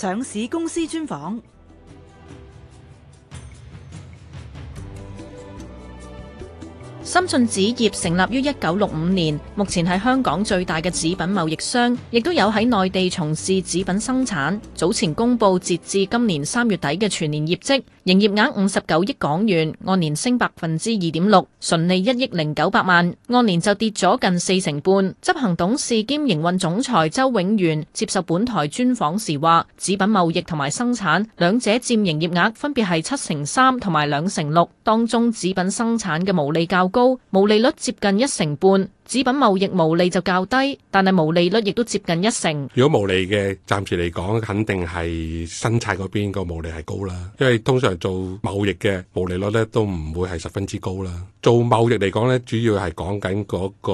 上市公司專訪。森信紙業成立於一九六五年，目前係香港最大嘅紙品貿易商，亦都有喺內地從事紙品生產。早前公布截至今年三月底嘅全年業績。營業額五十九億港元，按年升百分之二點六，純利一億零九百萬，按年就跌咗近四成半。執行董事兼營運總裁周永源接受本台專訪時話，紙品貿易同埋生產兩者佔營業額分別係七成三同埋兩成六，當中紙品生產嘅毛利較高，毛利率接近一成半。紙品貿易毛利就較低，但係毛利率亦都接近一成。如果毛利嘅，暫時嚟講，肯定係生產嗰邊個毛利係高啦，因為通常做貿易嘅毛利率咧都唔會係十分之高啦。做貿易嚟講咧，主要係講緊嗰個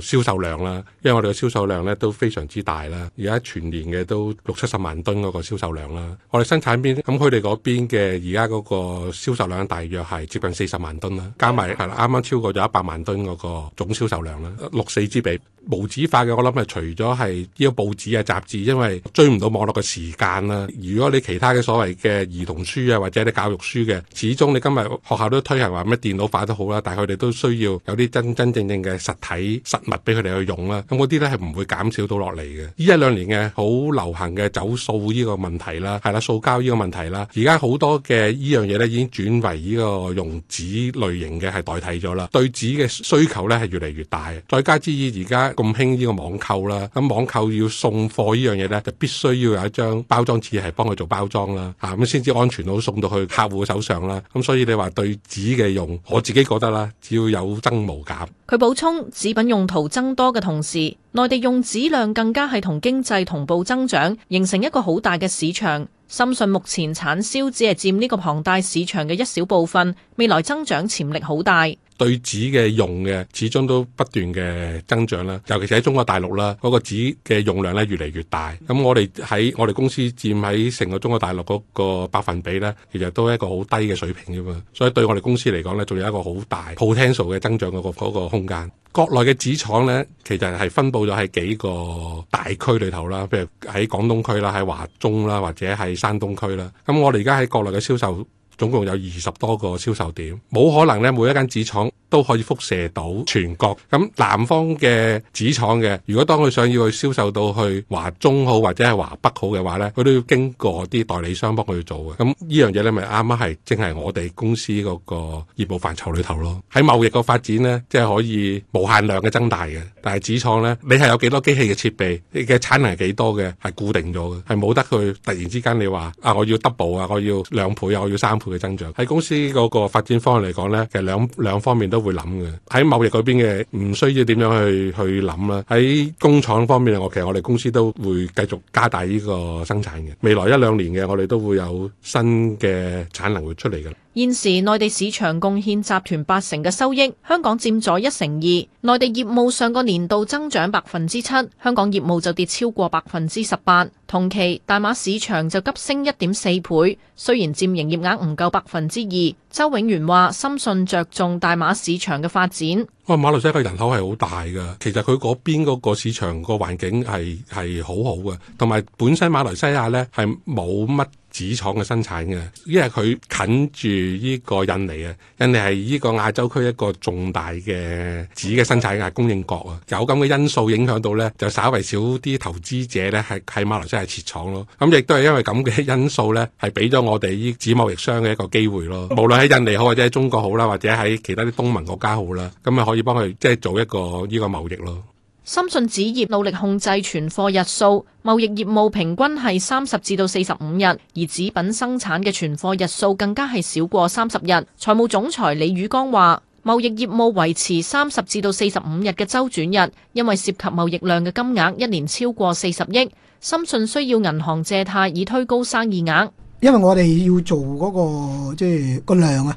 銷售量啦，因為我哋嘅銷售量咧都非常之大啦。而家全年嘅都六七十萬噸嗰個銷售量啦，我哋生產邊咁佢哋嗰邊嘅而家嗰個銷售量大約係接近四十萬噸啦，加埋係啦，啱啱超過咗一百萬噸嗰個總銷售量啦。六四之比無紙化嘅，我諗係除咗係呢個報紙啊、雜誌，因為追唔到網絡嘅時間啦。如果你其他嘅所謂嘅兒童書啊，或者啲教育書嘅，始終你今日學校都推行話咩電腦化都好啦，但係佢哋都需要有啲真真正正嘅實體實物俾佢哋去用啦。咁嗰啲咧係唔會減少到落嚟嘅。呢一兩年嘅好流行嘅走塑呢個問題啦，係啦，塑膠呢個問題啦，而家好多嘅依樣嘢咧已經轉為呢個用紙類型嘅係代替咗啦，對紙嘅需求咧係越嚟越大。再加之以而家咁興呢個網購啦，咁網購要送貨呢樣嘢呢，就必須要有一張包裝紙係幫佢做包裝啦，吓咁先至安全到送到去客戶手上啦。咁所以你話對紙嘅用，我自己覺得啦，只要有增無減。佢補充，紙品用途增多嘅同時，內地用紙量更加係同經濟同步增長，形成一個好大嘅市場。深信目前產銷只係佔呢個龐大市場嘅一小部分，未來增長潛力好大。對紙嘅用嘅始終都不斷嘅增長啦，尤其是喺中國大陸啦，嗰個紙嘅用量咧越嚟越大。咁我哋喺我哋公司佔喺成個中國大陸嗰個百分比咧，其實都係一個好低嘅水平啫嘛。所以對我哋公司嚟講咧，仲有一個好大 potential 嘅增長嗰個嗰個空間。國內嘅紙廠咧，其實係分布咗喺幾個大區裏頭啦，譬如喺廣東區啦、喺華中啦或者係山東區啦。咁我哋而家喺國內嘅銷售，總共有二十多個銷售點，冇可能咧，每一間紙廠都可以輻射到全國。咁南方嘅紙廠嘅，如果當佢想要去銷售到去華中好或者係華北好嘅話呢，佢都要經過啲代理商幫佢去做嘅。咁呢樣嘢咧，咪啱啱係正係我哋公司嗰個業務範疇裏頭咯。喺貿易個發展呢，即係可以無限量嘅增大嘅。但係紙廠呢，你係有幾多機器嘅設備，你嘅產能係幾多嘅，係固定咗嘅，係冇得佢突然之間你話啊，我要 double 啊，我要兩倍啊，我要三倍嘅增長。喺公司嗰個發展方向嚟講呢，其實兩兩方面都會諗嘅。喺貿易嗰邊嘅唔需要點樣去去諗啦。喺工廠方面我其實我哋公司都會繼續加大呢個生產嘅。未來一兩年嘅我哋都會有新嘅產能會出嚟嘅。現時內地市場貢獻集團八成嘅收益，香港佔咗一成二。內地業務上個年度增長百分之七，香港業務就跌超過百分之十八。同期大馬市場就急升一點四倍，雖然佔營業額唔夠百分之二。周永源話：森信着重大馬市場嘅發展。哇、哦，馬來西亞嘅人口係好大噶，其實佢嗰邊嗰個市場個環境係係好好嘅，同埋本身馬來西亞呢係冇乜。紙廠嘅生產嘅，因為佢近住呢個印尼啊，印尼係呢個亞洲區一個重大嘅紙嘅生產嘅供應國啊，有咁嘅因素影響到咧，就稍為少啲投資者咧，係喺馬來西亞設廠咯。咁、嗯、亦都係因為咁嘅因素咧，係俾咗我哋呢紙貿易商嘅一個機會咯。無論喺印尼好，或者喺中國好啦，或者喺其他啲東盟國家好啦，咁、嗯、啊可以幫佢即係做一個呢、呢個貿易咯。森信紙業努力控制存貨日數，貿易業務平均係三十至到四十五日，而紙品生產嘅存貨日數更加係少過三十日。財務總裁李宇光話，貿易業務維持三十至到四十五日嘅周轉日，因為涉及貿易量嘅金額一年超過四十億，森信需要銀行借貸以推高生意額。因為我哋要做嗰個即係個量啊。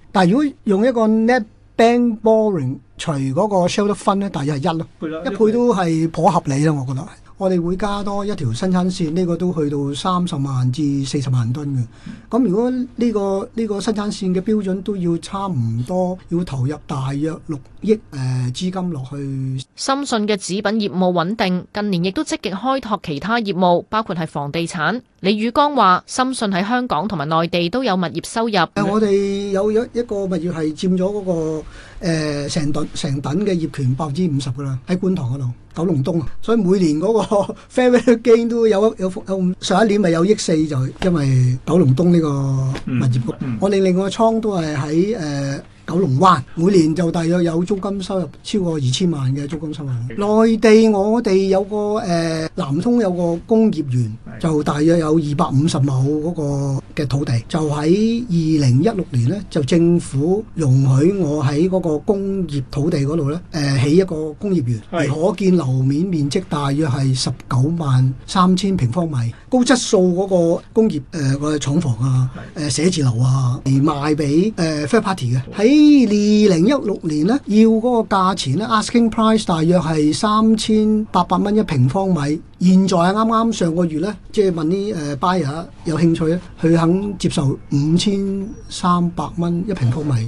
但如果用一個 net bank borrowing 除嗰個 shareholders' fund 呢，大約係又係一咯。了一倍都係頗合理咯，我覺得。我哋會加多一條生產線，呢、這個都去到三十萬至四十萬噸嘅。咁如果呢、這個呢、這個生產線嘅標準都要差唔多，要投入大約六億誒資金落去。深信嘅紙品業務穩定，近年亦都積極開拓其他業務，包括係房地產。李宇剛話：深信喺香港同埋內地都有物業收入。 我哋有有一個物業係佔咗嗰、那個成、呃、等成等嘅業權百分之五十噶啦，喺觀塘嗰度，out, 九龍東啊。所以每年嗰個 fair value gain 都有一有,有,有上一年咪有億四就因為九龍東呢個物業局我。我哋另外倉都係喺誒。九龍灣每年就大約有租金收入超過二千萬嘅租金收入。的內地我哋有個誒、呃、南通有個工業園，就大約有二百五十畝嗰個嘅土地，就喺二零一六年呢，就政府容許我喺嗰個工業土地嗰度呢誒起一個工業園，的可建樓面面積大約係十九萬三千平方米，高質素嗰個工業誒、呃，那個廠房啊，誒的寫字樓啊，而賣俾誒 third party 嘅喺。二零一六年咧，要嗰個價錢咧，asking price 大約係三千八百蚊一平方米。現在啱啱上個月咧，即係問啲誒、呃、buyer 有興趣咧，佢肯接受五千三百蚊一平方米。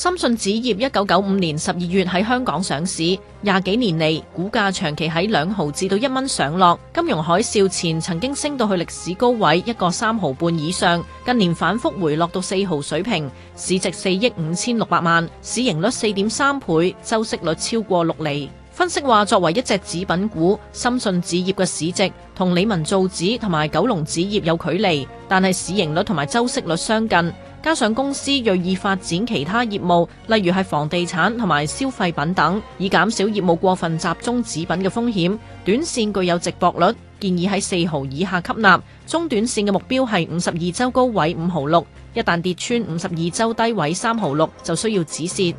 深信紙業一九九五年十二月喺香港上市，廿幾年嚟股價長期喺兩毫至到一蚊上落。金融海嘯前曾經升到去歷史高位一個三毫半以上，近年反覆回落到四毫水平，市值四億五千六百萬，市盈率四點三倍，周息率超過六厘。分析話，作為一隻紙品股，森信紙業嘅市值同理文造紙同埋九龍紙業有距離，但係市盈率同埋周息率相近。加上公司鋭意發展其他業務，例如係房地產同埋消費品等，以減少業務過分集中紙品嘅風險。短線具有值博率，建議喺四毫以下吸納。中短線嘅目標係五十二周高位五毫六，一旦跌穿五十二周低位三毫六，就需要止蝕。